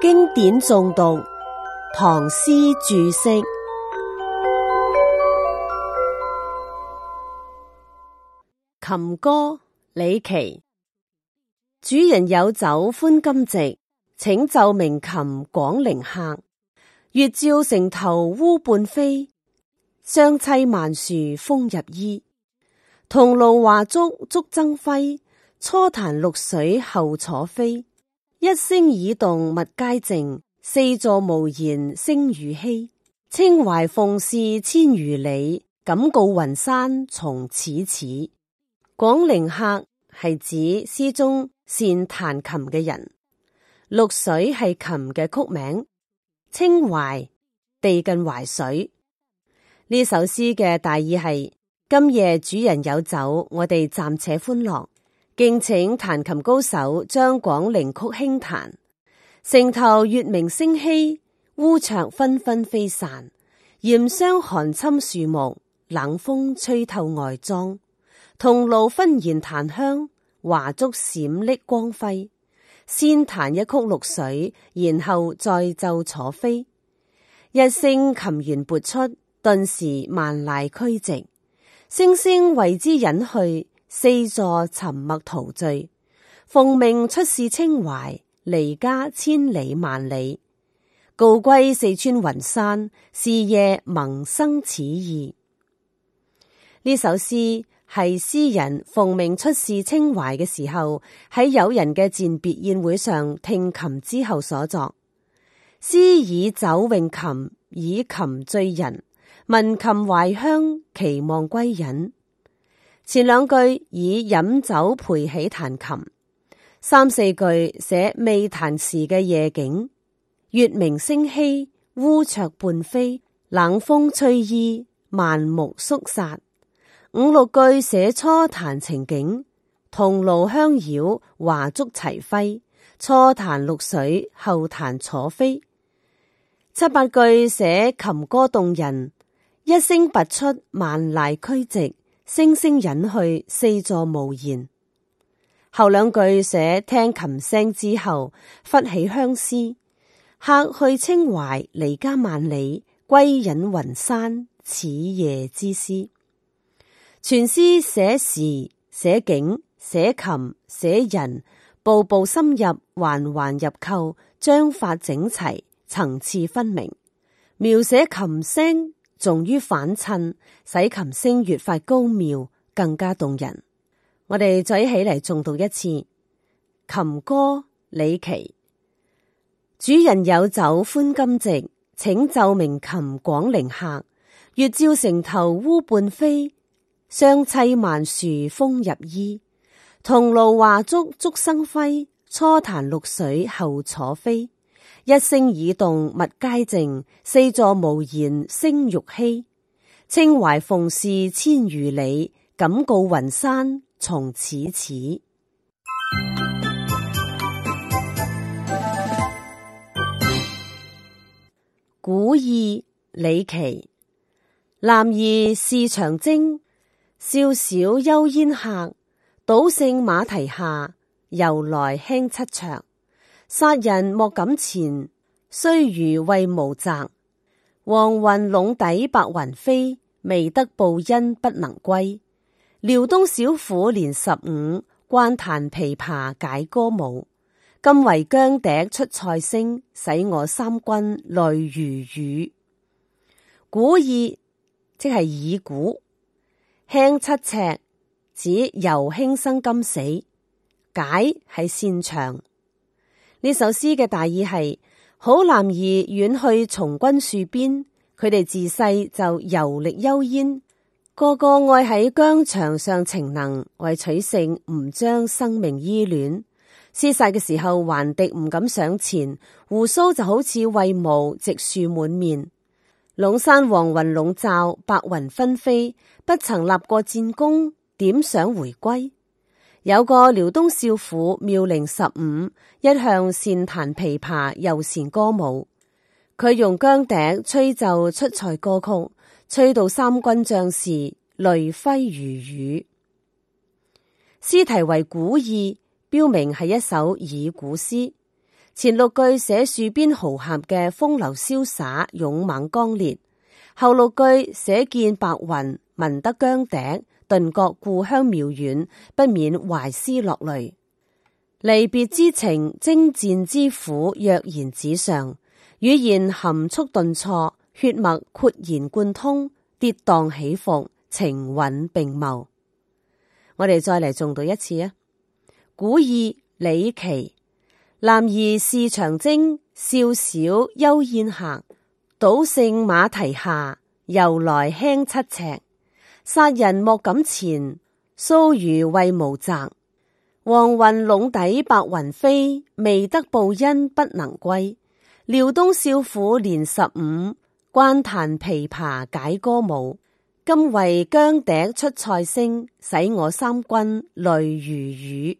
經典誦讀，唐詩注釋。琴歌李琦，主人有酒歡今夕，請奏鳴琴廣陵客。月照城頭烏半飛，霜淒萬樹風入衣。銅爐華燭燭增輝，初彈渌水後楚妃。一聲已動，物皆靜；四座無言，聲如稀。清淮奉使千餘里，敢告雲山從此始。廣陵客係指詩中善彈琴嘅人，渌水係琴嘅曲名。清淮地近淮水，呢首詩嘅大意係：今夜主人有酒，我哋暫且歡樂。敬請彈琴高手將廣陵曲輕彈，城頭月明星稀，烏鵲紛紛飛散，嚴霜寒侵樹木，冷風吹透外裝。同路紛然檀香，華燭閃爍光輝。先彈一曲綠水，然後再奏楚妃。一聲琴弦撥出，頓時萬籟俱寂，星星為之隱去。四座沉默陶醉，奉命出使清淮，離家千里萬里，告歸四川雲山，是夜萌生此意。呢首詩係詩人奉命出使清淮嘅時候，喺友人嘅餞別宴會上聽琴之後所作。詩以酒詠琴，以琴醉人，聞琴懷鄉，期望歸隱。前兩句以飲酒陪起彈琴，三四句寫未彈時嘅夜景，月明星稀，烏鵲伴飛，冷風吹衣，萬木肅殺。五六句寫初彈情景，銅爐香繞，華燭齊輝。初彈綠水，後彈楚妃。七八句寫琴歌動人，一聲拔出，萬籟俱寂。星星隱去，四座無言。後兩句寫聽琴聲之後忽起相思，客去清淮離家萬里，歸隱雲山，此夜之詩。全詩寫時，寫景、寫琴、寫人，步步深入，環環入扣，章法整齊，層次分明，描寫琴聲。重於反襯，使琴聲越發高妙，更加動人。我哋再一起嚟重讀一次《琴歌》李頎：主人有酒歡今夕，請奏鳴琴廣陵客。月照城頭烏半飛，霜凄萬樹風入衣。銅爐華燭燭生輝，初彈淥水後楚妃。一聲已動，物皆靜；四座無言，聲欲稀。清淮奉使千餘里，敢告雲山從此始。 古意，李頎。男兒事長征，少小幽燕客，賭勝馬蹄下，由來輕七尺。殺人莫敢前，雖如為無責。黃雲隴底白雲飛，未得報恩不能歸。遼東小婦年十五，慣彈琵琶解歌舞。今為羌笛出塞聲，使我三軍淚如雨。古意即係以古，輕七尺，指由輕生今死。解係擅長。呢首詩嘅大意係：好男兒遠去從軍戍邊，佢哋自細就遊歷幽燕，個個愛喺疆場上逞能，為取勝唔將生命依戀。廝殺嘅時候，還敵唔敢上前，鬍鬚就好似猬毛，直豎滿面。隴山黃雲籠罩，白雲紛飛，不曾立過戰功，點想回歸？有個遼東少婦，妙齡十五，一向善彈琵琶，又善歌舞。佢用羌笛吹奏出塞歌曲，吹到三軍將士淚揮如雨。詩題為古意，標明係一首擬古詩。前六句寫戍邊豪俠嘅風流瀟灑、勇猛剛烈，後六句寫見白雲聞得羌笛。頓覺故鄉渺遠，不免懷思落淚。離別之情，征戰之苦，躍然紙上。語言含蓄頓挫，血脈豁然貫通，跌宕起伏，情韻並茂。我哋再嚟重讀一次啊！古意李頎，男兒事長征，少小幽燕客，賭勝馬蹄下，由來輕七尺。殺人莫敢前，須如猬毛磔。黃雲隴底白雲飛，未得報恩不能歸。遼東少婦年十五，慣彈琵琶解歌舞。今為羌笛出塞聲，使我三軍淚如雨。